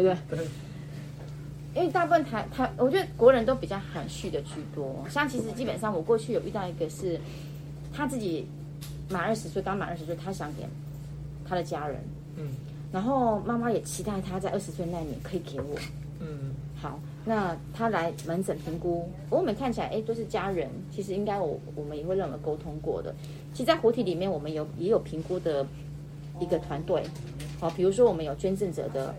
對不對？對，因為大部分台台，我覺得國人都比較含蓄的居多。像其實基本上，我過去有遇到一個是，是他自己滿二十歲，剛滿二十歲，他想給他的家人，嗯，然後媽媽也期待他在二十歲那年可以給我，嗯，好，那他來門診評估，我們看起來哎都是家人，其實應該我我們也會認為溝通過的。其實，在活體裡面，我們有也有評估的一個團隊、哦，好，比如說我們有捐贈者的。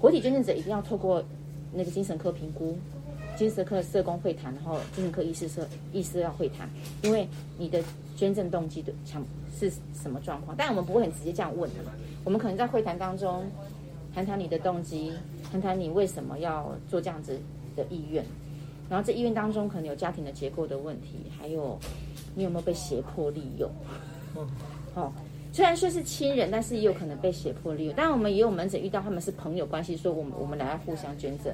活體捐贈者一定要透過那個精神科評估，精神科社工會談，然後精神科醫師社醫師要會談，因為你的捐贈動機的強是什麼狀況？但我們不會很直接這樣問的嘛，我們可能在會談當中談談你的動機，談談你為什麼要做這樣子的意願，然後在意願當中可能有家庭的結構的問題，還有你有沒有被脅迫利用？嗯、哦，好。雖然說是親人，但是也有可能被脅迫利用。當然，我們也有門診遇到他們是朋友關係，說我們我們倆要互相捐贈，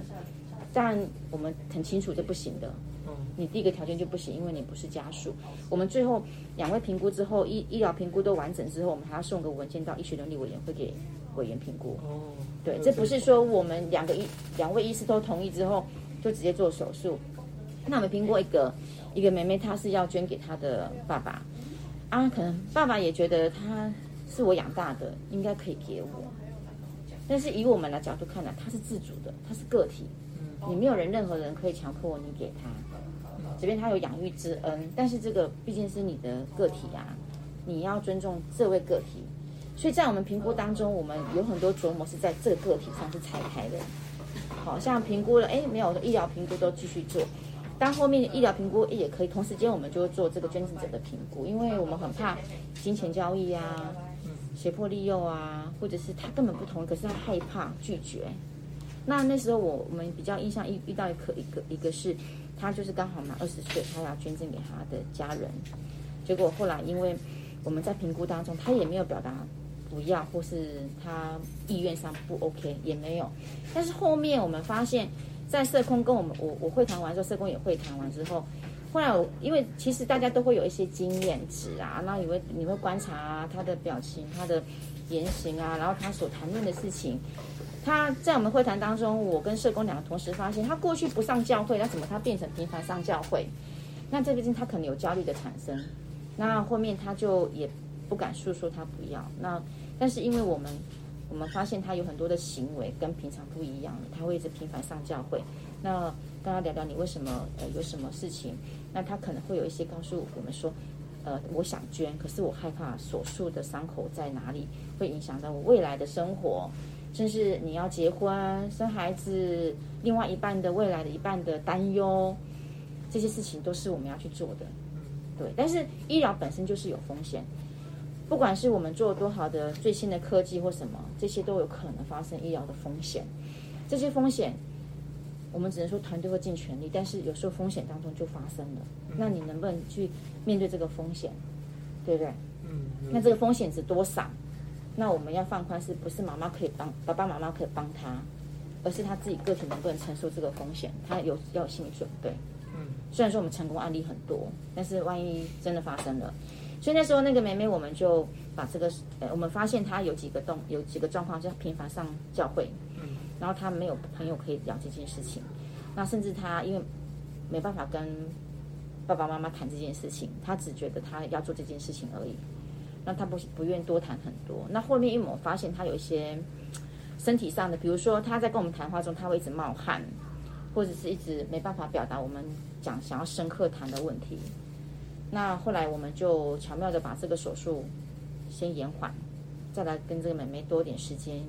但我們很清楚這不行的。你第一個條件就不行，因為你不是家屬。我們最後兩位評估之後，醫醫療評估都完整之後，我們還要送個文件到醫學倫理委員會給委員評估。對，這不是說我們兩個醫兩位醫師都同意之後就直接做手術。那我們評估一個一個妹妹，她是要捐給她的爸爸。當然、啊，可能爸爸也覺得他是我養大的，應該可以給我。但是以我們的角度看呢、啊，他是自主的，他是個體，你沒有人任何人可以強迫你給他。即便他有養育之恩，但是這個畢竟是你的個體啊，你要尊重這位個體。所以在我們評估當中，我們有很多琢磨是在這個個體上是拆開的。好像評估了，哎，沒有的醫療評估都繼續做。但後面醫療評估也可以，同時間我們就做這個捐贈者的評估，因為我們很怕金錢交易啊、脅迫利誘啊，或者是他根本不同意，可是他害怕拒絕。那那時候我我們比較印象一遇到一個一個一個是他就是剛好滿二十歲，他要捐贈給他的家人，結果後來因為我們在評估當中，他也沒有表達不要，或是他意願上不 OK 也沒有，但是後面我們發現。在社工跟我們我我會談完之後，社工也會談完之後，後來我因為其實大家都會有一些經驗值啊，那你會你會觀察啊，他的表情、他的言行啊，然後他所談論的事情。他在我們會談當中，我跟社工兩個同時發現，他過去不上教會，那怎麼他變成頻繁上教會？那這畢竟他可能有焦慮的產生。那後面他就也不敢訴說他不要。那但是因為我們。我們發現他有很多的行為跟平常不一樣，他會一直頻繁上教會。那跟他聊聊，你為什麼呃，有什麼事情？那他可能會有一些告訴我們說，呃，我想捐，可是我害怕手術的傷口在哪裡會影響到我未來的生活，甚至你要結婚生孩子，另外一半的未來的一半的擔憂，這些事情都是我們要去做的。對，但是醫療本身就是有風險。不管是我們做多好的最新的科技或什麼，這些都有可能發生醫療的風險。這些風險，我們只能說團隊會盡全力，但是有時候風險當中就發生了。那你能不能去面對這個風險？對不對？嗯。那這個風險值多少？那我們要放寬，是不是媽媽可以幫爸爸媽媽可以幫他，而是他自己個體能不能承受這個風險？他有要有心理準備。嗯。雖然說我們成功案例很多，但是萬一真的發生了。所以那時候，那個妹妹，我們就把這個，呃、欸，我們發現她有幾個動，有幾個狀況，就頻繁上教會。嗯。然後她沒有朋友可以聊這件事情，那甚至她因為沒辦法跟爸爸媽媽談這件事情，她只覺得她要做這件事情而已，那她不不願多談很多。那後面因為我發現她有一些身體上的，比如說她在跟我們談話中，她會一直冒汗，或者是一直沒辦法表達我們講想要深刻談的問題。那後來我們就巧妙的把這個手術先延緩，再來跟這個妹妹多點時間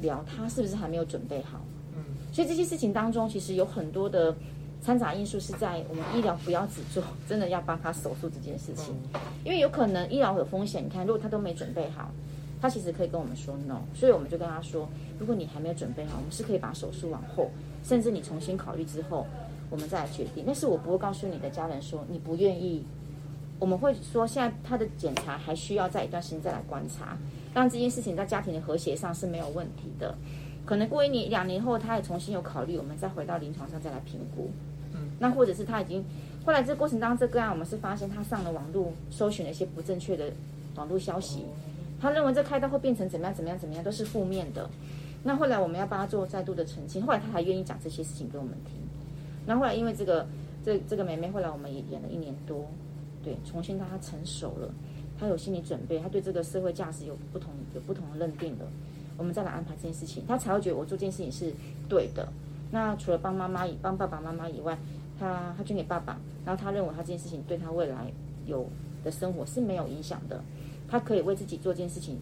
聊，她是不是還沒有準備好？嗯，所以這些事情當中，其實有很多的摻雜因素是在我們醫療不要只做，真的要幫他手術這件事情，因為有可能醫療有風險。你看，如果她都沒準備好，她其實可以跟我們說 no，所以我們就跟她說，如果你還沒有準備好，我們是可以把手術往後，甚至你重新考慮之後，我們再來決定。但是，我不會告訴你的家人說你不願意。我們會說，現在他的檢查還需要再一段時間再來觀察，但這件事情在家庭的和諧上是沒有問題的。可能過一年一兩年後，他也重新有考慮，我們再回到臨床上再來評估。嗯，那或者是他已經後來這過程當中這個案、啊，我們是發現他上了網絡，搜尋了一些不正確的網絡消息。他認為這開刀會變成怎麼樣怎麼樣怎麼樣都是負面的。那後來我們要幫他做再度的澄清，後來他還願意講這些事情給我們聽。那後,後來因為這個這這個妹妹，後來我們也演了一年多。對，重新讓他成熟了，他有心理準備，他對這個社會價值有不同有不同的認定了，我們再來安排這件事情，他才會覺得我做這件事情是對的。那除了幫媽媽以幫爸爸媽媽以外，他他捐給爸爸，然後他認為他這件事情對他未來有的生活是沒有影響的，他可以為自己做這件事情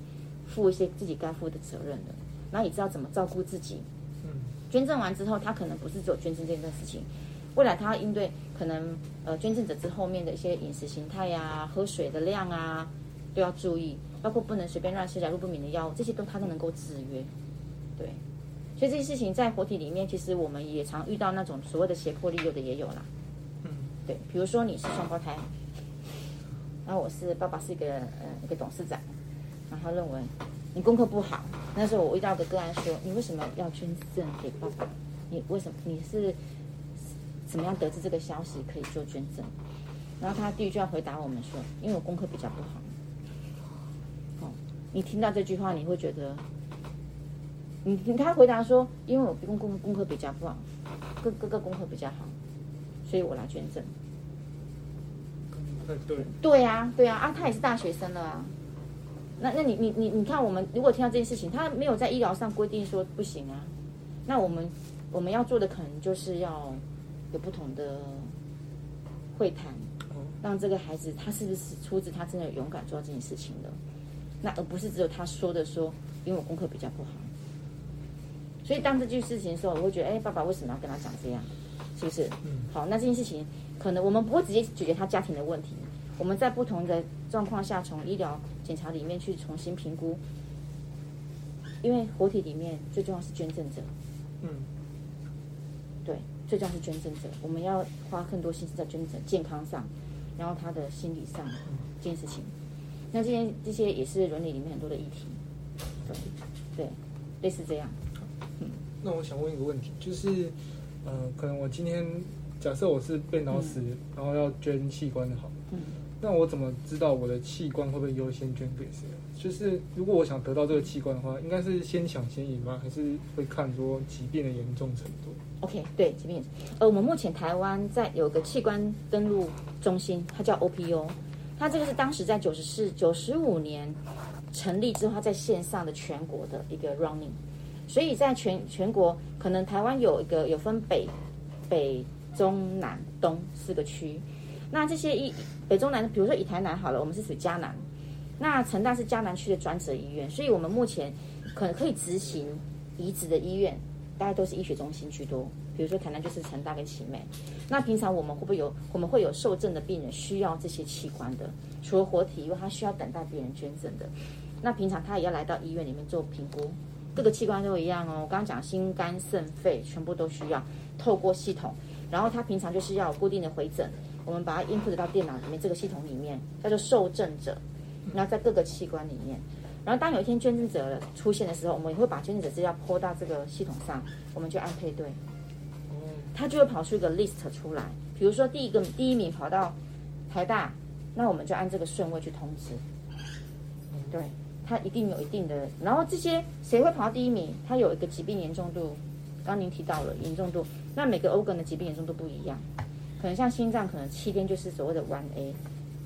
負一些自己該負的責任的，那也知道怎麼照顧自己。嗯，捐贈完之後，他可能不是只有捐贈這件事情。未來他要應對可能呃捐贈者之後面的一些飲食形態呀、啊、喝水的量啊，都要注意，包括不能隨便亂吃來路不明的藥物，這些都他都能夠制約，對。所以這些事情在活體裡面，其實我們也常遇到那種所謂的脅迫利誘的也有了。嗯，對，比如說你是雙胞胎，然後我是爸爸是一個呃一個董事長，然後認為你功課不好，那時候我遇到個個案說，你為什麼要捐贈給爸爸？你為什麼你是？怎麼樣得知這個消息可以做捐贈？然後他第一句要回答我們說：“因為我功課比較不好。”哦，你聽到這句話，你會覺得你你聽他回答說：“因為我功課功課比較不好，各各個功課比較好，所以我來捐贈。對”對、啊。對呀，對呀，啊，他也是大學生了啊。那那你你你你看，我們如果聽到這件事情，他沒有在醫療上規定說不行啊。那我們我們要做的可能就是要。有不同的會談，讓這個孩子他是不是出自他真的勇敢做這件事情的？那而不是只有他說的說，因為我功課比較不好。所以當這件事情的時候，我會覺得，哎，爸爸為什麼要跟他講這樣？是不是？嗯。好，那這件事情可能我們不會直接解決他家庭的問題，我們在不同的狀況下，從醫療檢查裡面去重新評估，因為活體裡面最重要是捐贈者。嗯。最重要是捐贈者，我們要花更多心思在捐贈者健康上，然後他的心理上這件事情。那這些這些也是倫理裡面很多的議題，對，對，類似這樣。那我想問一個問題，就是，嗯，呃，可能我今天假設我是被腦死，然後要捐器官的話，嗯，那我怎麼知道我的器官會不會優先捐給誰？就是如果我想得到這個器官的話，應該是先搶先贏嗎？還是會看說疾病的嚴重程度？OK，對疾病。呃，我們目前台灣在有一個器官登錄中心，它叫 OPO，它這個是當時在九十四、九十五年成立之後，它在線上的全國的一個 running。所以，在全全國可能台灣有一個有分北、北、中、南、東四個區。那這些一北中南，比如說以台南好了，我們是指嘉南。那成大是嘉南區的專職醫院，所以我們目前可能可以執行移植的醫院，大概都是醫學中心居多。比如說，台南就是成大跟奇美。那平常我們會不會有我們會有受贈的病人需要這些器官的，除了活體以外，因為他需要等待病人捐贈的。那平常他也要來到醫院裡面做評估，各、這個器官都一樣哦。我剛剛講心肝腎肺，全部都需要透過系統，然後他平常就是要有固定的回診，我們把它 input 到電腦裡面這個系統裡面，叫做受贈者。那在各個器官裡面，然後當有一天捐贈者出現的時候，我們也會把捐贈者資料 PO 到這個系統上，我們就按配對，他就會跑出一個 list 出來。比如說，第一個第一名跑到台大，那我們就按這個順位去通知。對，他一定有一定的，然後這些誰會跑到第一名？他有一個疾病嚴重度，剛剛您提到了嚴重度，那每個 organ 的疾病嚴重度不一樣，可能像心臟，可能七天就是所謂的 one A。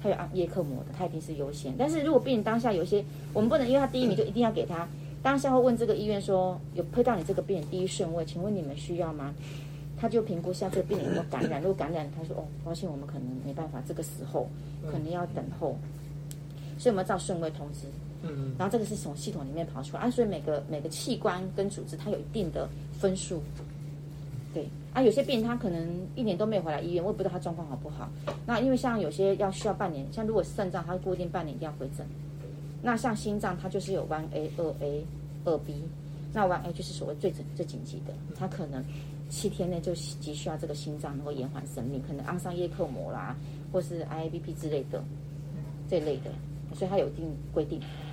他有按葉克膜的，他一定是優先。但是如果病人當下有一些，我們不能因為他第一名就一定要給他。當下會問這個醫院說，有配到你這個病人第一順位，請問你們需要嗎？他就評估下這個病人有沒有感染，如果感染，他說哦，抱歉，我們可能沒辦法。這個時候可能要等候，所以我們要照順位通知。嗯，然後這個是從系統裡面跑出來，啊，所以每個每個器官跟組織它有一定的分數，對。啊，有些病人他可能一年都沒有回來醫院，我也不知道他狀況好不好。那因為像有些要需要半年，像如果腎臟，他會固定半年一定要回診。那像心臟，它就是有 one A、二 A、二 B，那 one A 就是所謂最最緊急的，他可能七天內就急需要這個心臟能夠延緩生命，可能安上葉克膜啦，或是 I A B P 之類的這類的，所以它有一定規定。